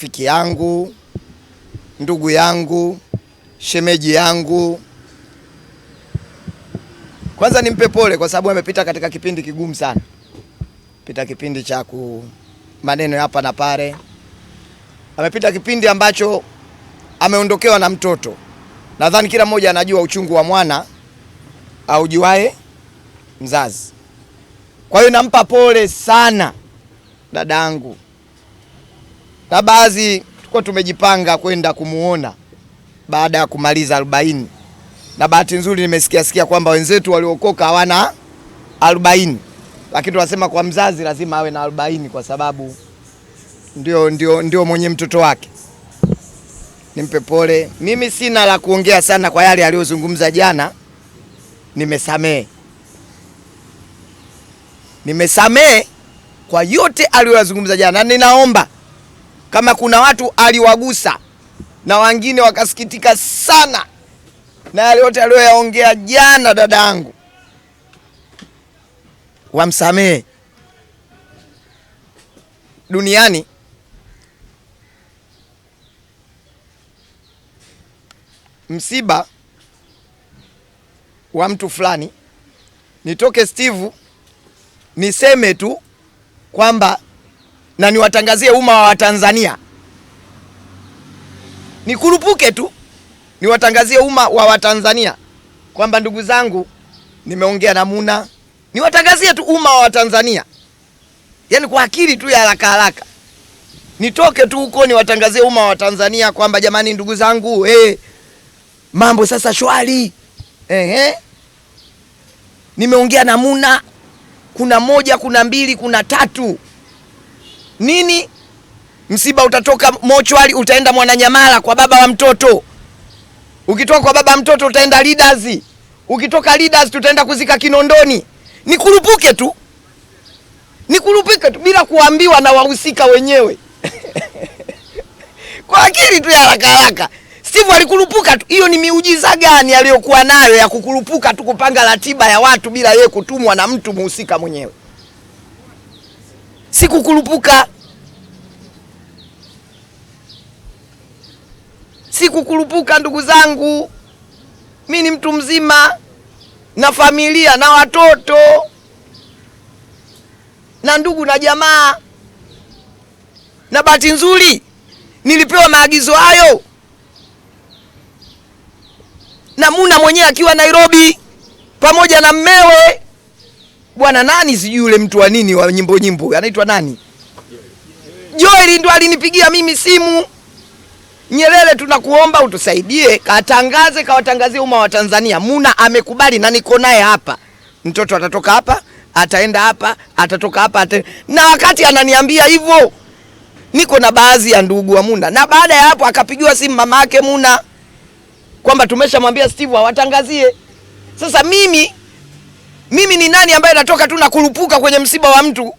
Rafiki yangu, ndugu yangu, shemeji yangu, kwanza nimpe pole kwa sababu amepita katika kipindi kigumu sana, pita kipindi cha ku maneno hapa na pale, amepita kipindi ambacho ameondokewa na mtoto. Nadhani kila mmoja anajua uchungu wa mwana aujuae mzazi. Kwa hiyo nampa pole sana dadangu na baadhi tulikuwa tumejipanga kwenda kumuona baada ya kumaliza arobaini, na bahati nzuri nimesikia sikia kwamba wenzetu waliokoka hawana arobaini, lakini tunasema kwa mzazi lazima awe na arobaini kwa sababu ndio, ndio, ndio mwenye mtoto wake. Nimpe pole. Mimi sina la kuongea sana kwa yale aliyozungumza jana. Nimesamee, nimesamee kwa yote aliyoyazungumza jana. Ninaomba kama kuna watu aliwagusa na wengine wakasikitika sana na yale yote aliyoyaongea jana, dadangu wamsamehe. Duniani msiba wa mtu fulani, nitoke Steve niseme tu kwamba na niwatangazie umma wa Watanzania, nikurupuke tu niwatangazie umma wa Watanzania kwamba ndugu zangu, nimeongea na Muna. Niwatangazie tu umma wa Watanzania, yaani kwa akili tu ya haraka haraka nitoke tu huko niwatangazie umma wa Tanzania kwamba jamani, ndugu zangu hey, eh, mambo sasa shwari eh, eh. Nimeongea na Muna, kuna moja, kuna mbili, kuna tatu nini? Msiba utatoka mochwali, utaenda Mwananyamala kwa baba wa mtoto. Ukitoka kwa baba wa mtoto utaenda Leaders. Ukitoka Leaders tutaenda kuzika Kinondoni. Nikurupuke tu, nikurupuke tu bila kuambiwa na wahusika wenyewe kwa akili tu ya haraka haraka. Steve alikurupuka tu. Hiyo ni miujiza gani aliyokuwa nayo ya kukurupuka tu kupanga ratiba ya watu bila yeye kutumwa na mtu muhusika mwenyewe? Sikukurupuka, sikukurupuka ndugu zangu. Mi ni mtu mzima na familia na watoto na ndugu na jamaa, na bahati nzuri nilipewa maagizo hayo na Muna mwenyewe akiwa Nairobi pamoja na mmewe bwana nani, sijui yule mtu wa nini wa nyimbo nyimbo anaitwa nani, Joel ndo alinipigia mimi simu, Nyerere tunakuomba utusaidie, katangaze kawatangazie umma wa Tanzania. Muna amekubali na niko naye hapa, mtoto atatoka hapa ataenda hapa atatoka hapa ata... na wakati ananiambia hivyo, niko na baadhi ya ndugu wa Muna, na baada ya hapo akapigiwa simu mama yake Muna kwamba tumeshamwambia Steve awatangazie. Sasa mimi mimi ni nani ambaye natoka tu na kurupuka kwenye msiba wa mtu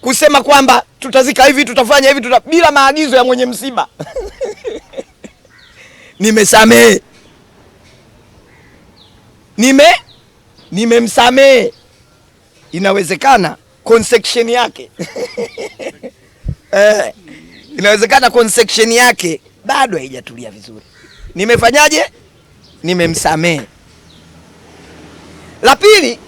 kusema kwamba tutazika hivi, tutafanya hivi, tuta... bila maagizo ya mwenye msiba nimesamehe, nime nimemsamehe, inawezekana conception yake eh, inawezekana conception yake bado haijatulia vizuri. Nimefanyaje? Nimemsamehe. La pili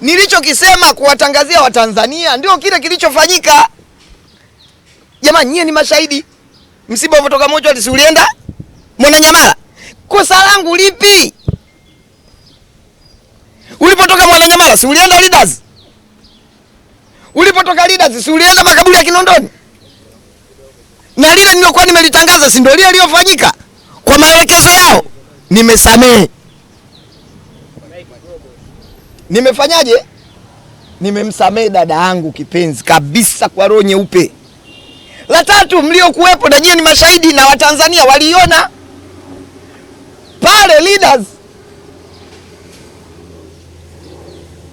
nilichokisema kuwatangazia Watanzania ndio kile kilichofanyika. Jamani, nyie ni mashahidi. Msiba ulivyotoka mochwari, si ulienda Mwananyamala? Kosa langu lipi? Ulipotoka Mwananyamala, si ulienda Leaders? Ulipotoka Leaders, si ulienda makaburi ya Kinondoni? Na lile nilokuwa nimelitangaza, si ndio lile liliofanyika? Kwa maelekezo yao nimesamehe nimefanyaje? Nimemsamehe dada yangu kipenzi kabisa kwa roho nyeupe. La tatu, mliokuwepo na nyie ni mashahidi na Watanzania waliona pale leaders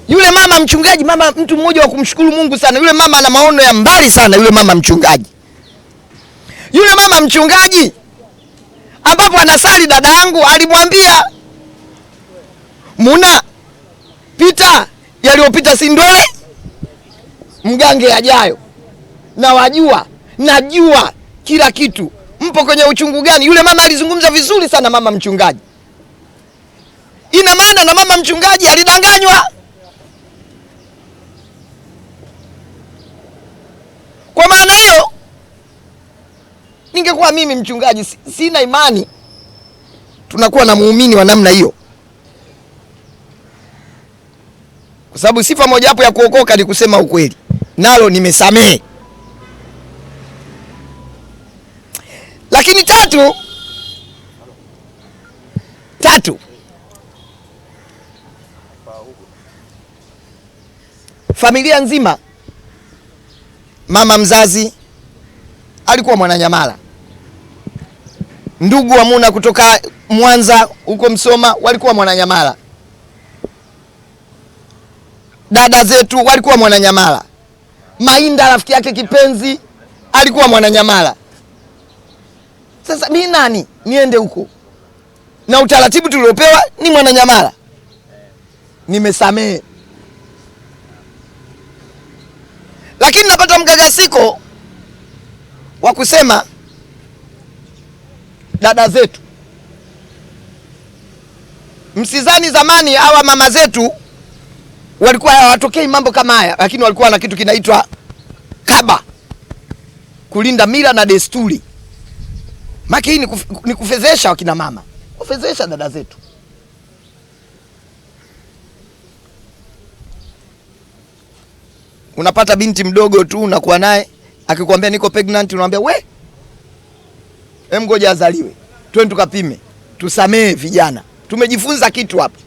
yule mama mchungaji, mama mtu mmoja wa kumshukuru Mungu sana. Yule mama ana maono ya mbali sana, yule mama mchungaji, yule mama mchungaji ambapo anasali dada yangu alimwambia Muna, pita yaliyopita si eh? mgange yajayo, na wajua, najua kila kitu. Mpo kwenye uchungu gani? Yule mama alizungumza vizuri sana, mama mchungaji. Ina maana na mama mchungaji alidanganywa kwa maana hiyo. Ningekuwa mimi mchungaji, sina imani tunakuwa na muumini wa namna hiyo. kwa sababu sifa moja ya kuokoka ni kusema ukweli, nalo nimesamehe. Lakini tatu tatu, familia nzima, mama mzazi alikuwa Mwananyamala, ndugu wa Muna kutoka Mwanza huko Msoma walikuwa Mwananyamala dada zetu walikuwa Mwananyamala. Mainda rafiki yake kipenzi alikuwa Mwananyamala. Sasa mi nani niende huko? Na utaratibu tuliopewa ni Mwananyamala. Nimesamehe, lakini napata mgagasiko wa kusema dada zetu, msizani zamani hawa mama zetu walikuwa hawatokei mambo kama haya, lakini walikuwa na kitu kinaitwa kaba, kulinda mila na desturi. Maki hii ni kufezesha wakina mama, kufezesha dada zetu. Unapata binti mdogo tu unakuwa naye, akikwambia niko pregnant, unamwambia we, hem, ngoja azaliwe, twende tukapime. Tusamee vijana, tumejifunza kitu hapa.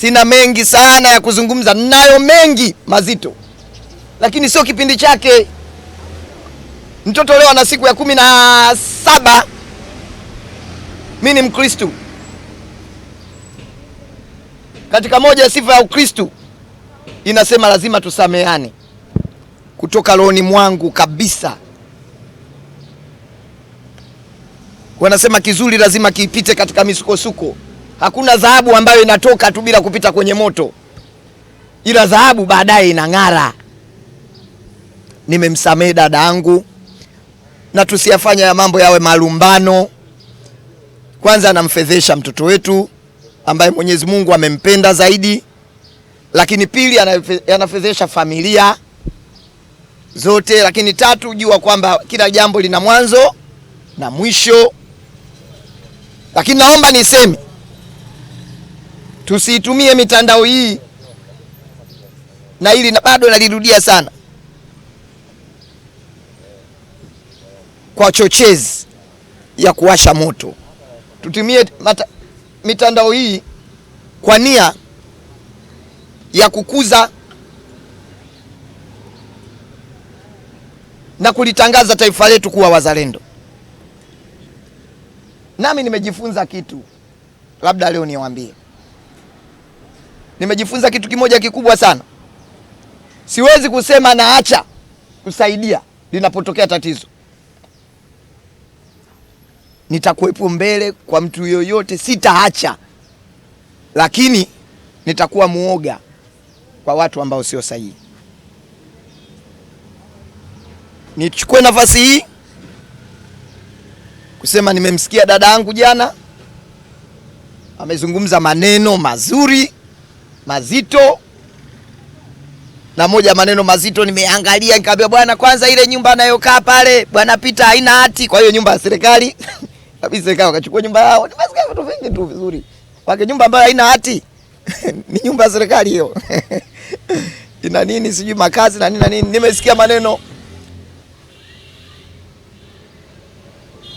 Sina mengi sana ya kuzungumza, nayo mengi mazito, lakini sio kipindi chake. Mtoto leo ana siku ya kumi na saba. Mi ni Mkristu. Katika moja ya sifa ya Ukristu inasema lazima tusameane. Kutoka rohoni mwangu kabisa, wanasema kizuri lazima kiipite katika misukosuko. Hakuna dhahabu ambayo inatoka tu bila kupita kwenye moto, ila dhahabu baadaye inang'ara. Nimemsamehe dada yangu, na tusiyafanya ya mambo yawe malumbano. Kwanza anamfedhesha mtoto wetu ambaye Mwenyezi Mungu amempenda zaidi, lakini pili anafedhesha familia zote, lakini tatu, jua kwamba kila jambo lina mwanzo na mwisho. Lakini naomba niseme Tusiitumie mitandao hii, na hili na bado nalirudia sana, kwa chochezi ya kuwasha moto. Tutumie mata, mitandao hii kwa nia ya kukuza na kulitangaza taifa letu kuwa wazalendo. Nami nimejifunza kitu, labda leo niwaambie nimejifunza kitu kimoja kikubwa sana. Siwezi kusema naacha kusaidia linapotokea tatizo, nitakuwepo mbele kwa mtu yoyote, sitaacha, lakini nitakuwa muoga kwa watu ambao sio sahihi. Nichukue nafasi hii kusema nimemsikia dada yangu jana amezungumza maneno mazuri mazito na moja maneno mazito nimeangalia, nikamwambia bwana, kwanza ile nyumba anayokaa pale bwana Pita haina hati, kwa hiyo nyumba ya serikali kabisa. Serikali wakachukua nyumba yao, nimesikia vitu vingi tu vizuri wake, nyumba ambayo haina hati ni nyumba ya serikali hiyo ina nini sijui makazi na nini na nini, nimesikia maneno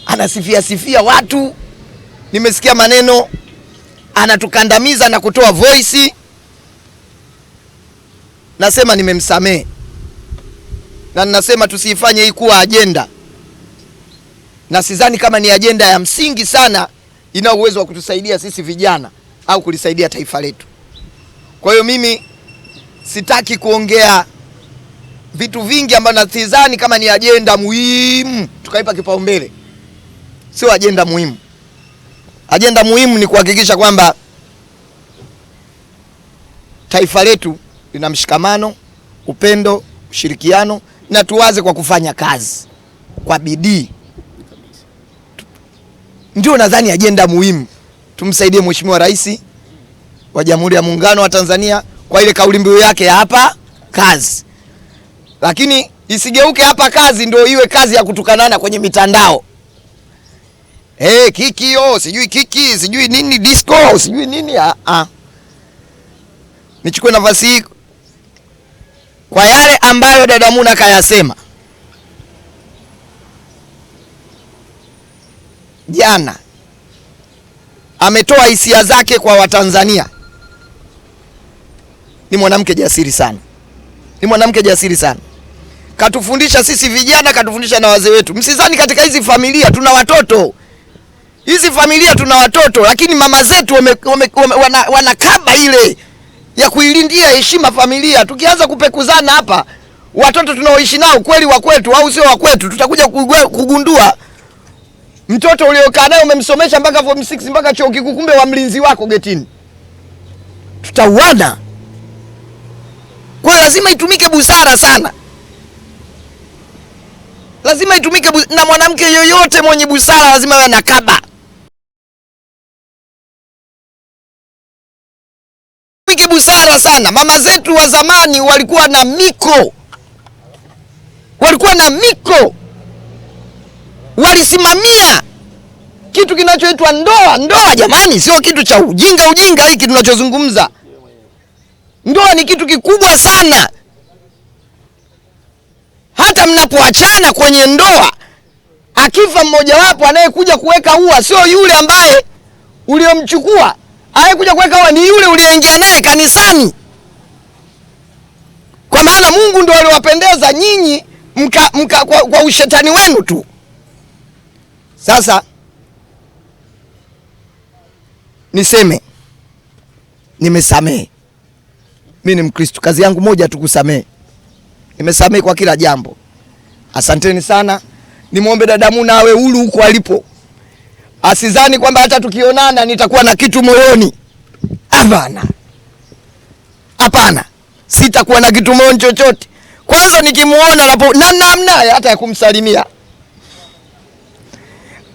anasifia sifia watu, nimesikia maneno anatukandamiza na kutoa voice nasema nimemsamehe, na ninasema tusiifanye hii kuwa ajenda, na sidhani kama ni ajenda ya msingi sana ina uwezo wa kutusaidia sisi vijana au kulisaidia taifa letu. Kwa hiyo mimi sitaki kuongea vitu vingi ambavyo nadhani kama ni ajenda muhimu tukaipa kipaumbele. Sio ajenda muhimu. Ajenda muhimu ni kuhakikisha kwamba taifa letu lina mshikamano, upendo, ushirikiano na tuwaze kwa kufanya kazi kwa bidii. Ndio nadhani ajenda muhimu, tumsaidie Mheshimiwa Rais wa Jamhuri ya Muungano wa Tanzania kwa ile kauli mbiu yake ya hapa kazi, lakini isigeuke hapa kazi ndio iwe kazi ya kutukanana kwenye mitandao. Hey, eh, kiki yo sijui kiki sijui nini disco sijui nini. Ah, ah, nichukue nafasi hii kwa yale ambayo dada Muna kayasema jana, ametoa hisia zake kwa Watanzania. Ni mwanamke jasiri sana, ni mwanamke jasiri sana. Katufundisha sisi vijana, katufundisha na wazee wetu. Msizani katika hizi familia tuna watoto, hizi familia tuna watoto, lakini mama zetu wame, wame, wame, wana, wanakaba ile ya kuilindia heshima familia. Tukianza kupekuzana hapa, watoto tunaoishi nao kweli wa kwetu au sio wa kwetu, tutakuja kugundua mtoto uliokaa naye umemsomesha mpaka form 6 mpaka chuo kikuu, kumbe wa mlinzi wako getini. Tutauana. Kwa lazima itumike busara sana, lazima itumike bu... na mwanamke yoyote mwenye busara lazima awe na kaba Tutumike busara sana. Mama zetu wa zamani walikuwa na miko, walikuwa na miko, walisimamia kitu kinachoitwa ndoa. Ndoa jamani, sio kitu cha ujinga ujinga hiki tunachozungumza. Ndoa ni kitu kikubwa sana. Hata mnapoachana kwenye ndoa, akifa mmojawapo, anayekuja kuweka ua sio yule ambaye uliomchukua aliyekuja kuweka wa ni yule uliyeingia naye kanisani, kwa maana Mungu ndio aliwapendeza nyinyi mka, mka, kwa, kwa ushetani wenu tu. Sasa niseme nimesamehe, mi ni Mkristo, kazi yangu moja tu kusamehe. Nimesamehe kwa kila jambo. Asanteni sana, nimwombe dada Muna awe huru huko alipo asizani kwamba hata tukionana nitakuwa na kitu moyoni. Hapana, hapana, sitakuwa na kitu moyoni chochote. Kwanza nikimuona hapo na namna hata ya kumsalimia,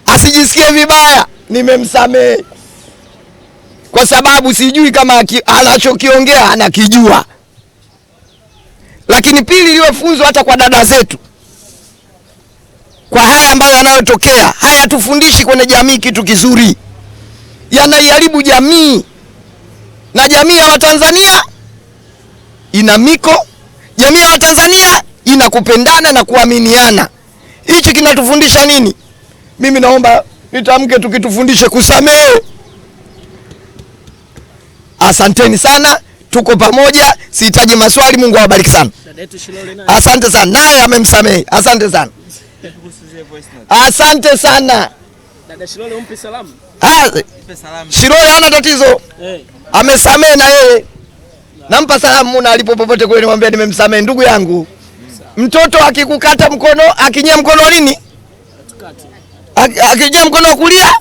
asijisikie vibaya, nimemsamehe kwa sababu sijui kama anachokiongea anakijua. Lakini pili, liwe funzo hata kwa dada zetu kwa haya ambayo yanayotokea, hayatufundishi kwenye jamii kitu kizuri, yanaiharibu jamii na jamii ya Watanzania ina miko, jamii ya Watanzania ina kupendana na kuaminiana. Hichi kinatufundisha nini? Mimi naomba nitamke, tukitufundishe kusamehe. Asanteni sana, tuko pamoja, sihitaji maswali. Mungu awabariki sana, asante sana. Naye amemsamehe, asante sana. Asante sana dada Shilole, umpe salamu. Ah, Shilole hana tatizo hey. Eh. Amesamehe na yeye nampa salamu na alipo popote kule, niwaambia nimemsamehe ndugu yangu hmm. Mtoto akikukata mkono akinyia mkono nini akinyia mkono wa kulia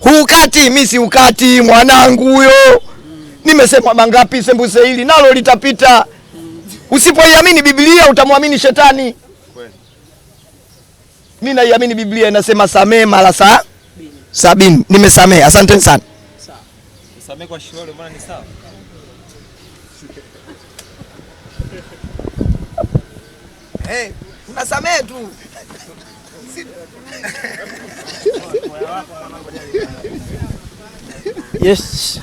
hukati, mi si ukati mwanangu huyo hmm. Nimesema mangapi sembuse hili nalo litapita mm. Usipoiamini Biblia utamwamini shetani. Mimi naiamini Biblia inasema samee mara saa sabini. Nimesamee, asanteni sana. same kwa shule mbona ni sawa? tu. Yes.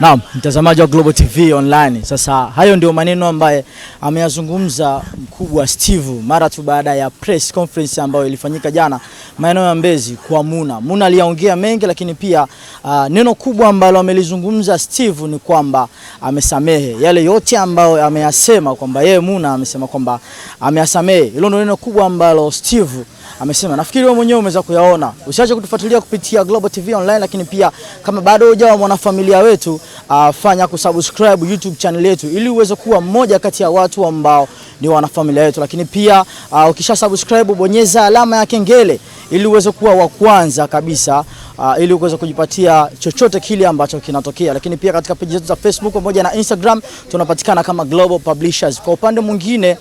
Naam, mtazamaji wa Global TV Online. Sasa hayo ndio maneno ambaye ameyazungumza mkubwa Steve mara tu baada ya press conference ambayo ilifanyika jana maeneo ya Mbezi kwa Muna. Muna aliyaongea mengi, lakini pia uh, neno kubwa ambalo amelizungumza Steve ni kwamba amesamehe yale yote ambayo ameyasema kwamba yeye Muna amesema kwamba ameyasamehe. Hilo ndio neno kubwa ambalo Steve amesema. Nafikiri wewe mwenyewe umeweza kuyaona. Usiache kutufuatilia kupitia Global TV Online, lakini pia kama bado hujawa mwanafamilia wetu, uh, fanya kusubscribe YouTube channel yetu ili uweze kuwa mmoja kati ya watu ambao ni wanafamilia wetu. Lakini pia uh, ukisha subscribe bonyeza alama ya kengele ili uweze kuwa wa kwanza kabisa uh, ili uweze kujipatia chochote kile ambacho kinatokea. Lakini pia katika peji zetu za Facebook pamoja na Instagram tunapatikana kama Global Publishers. Kwa upande mwingine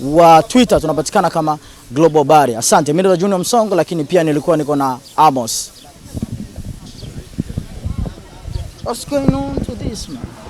wa Twitter tunapatikana kama Global Bari. Asante, mimi ndo Junior Msongo, lakini pia nilikuwa niko na Amos. What's going on to this man?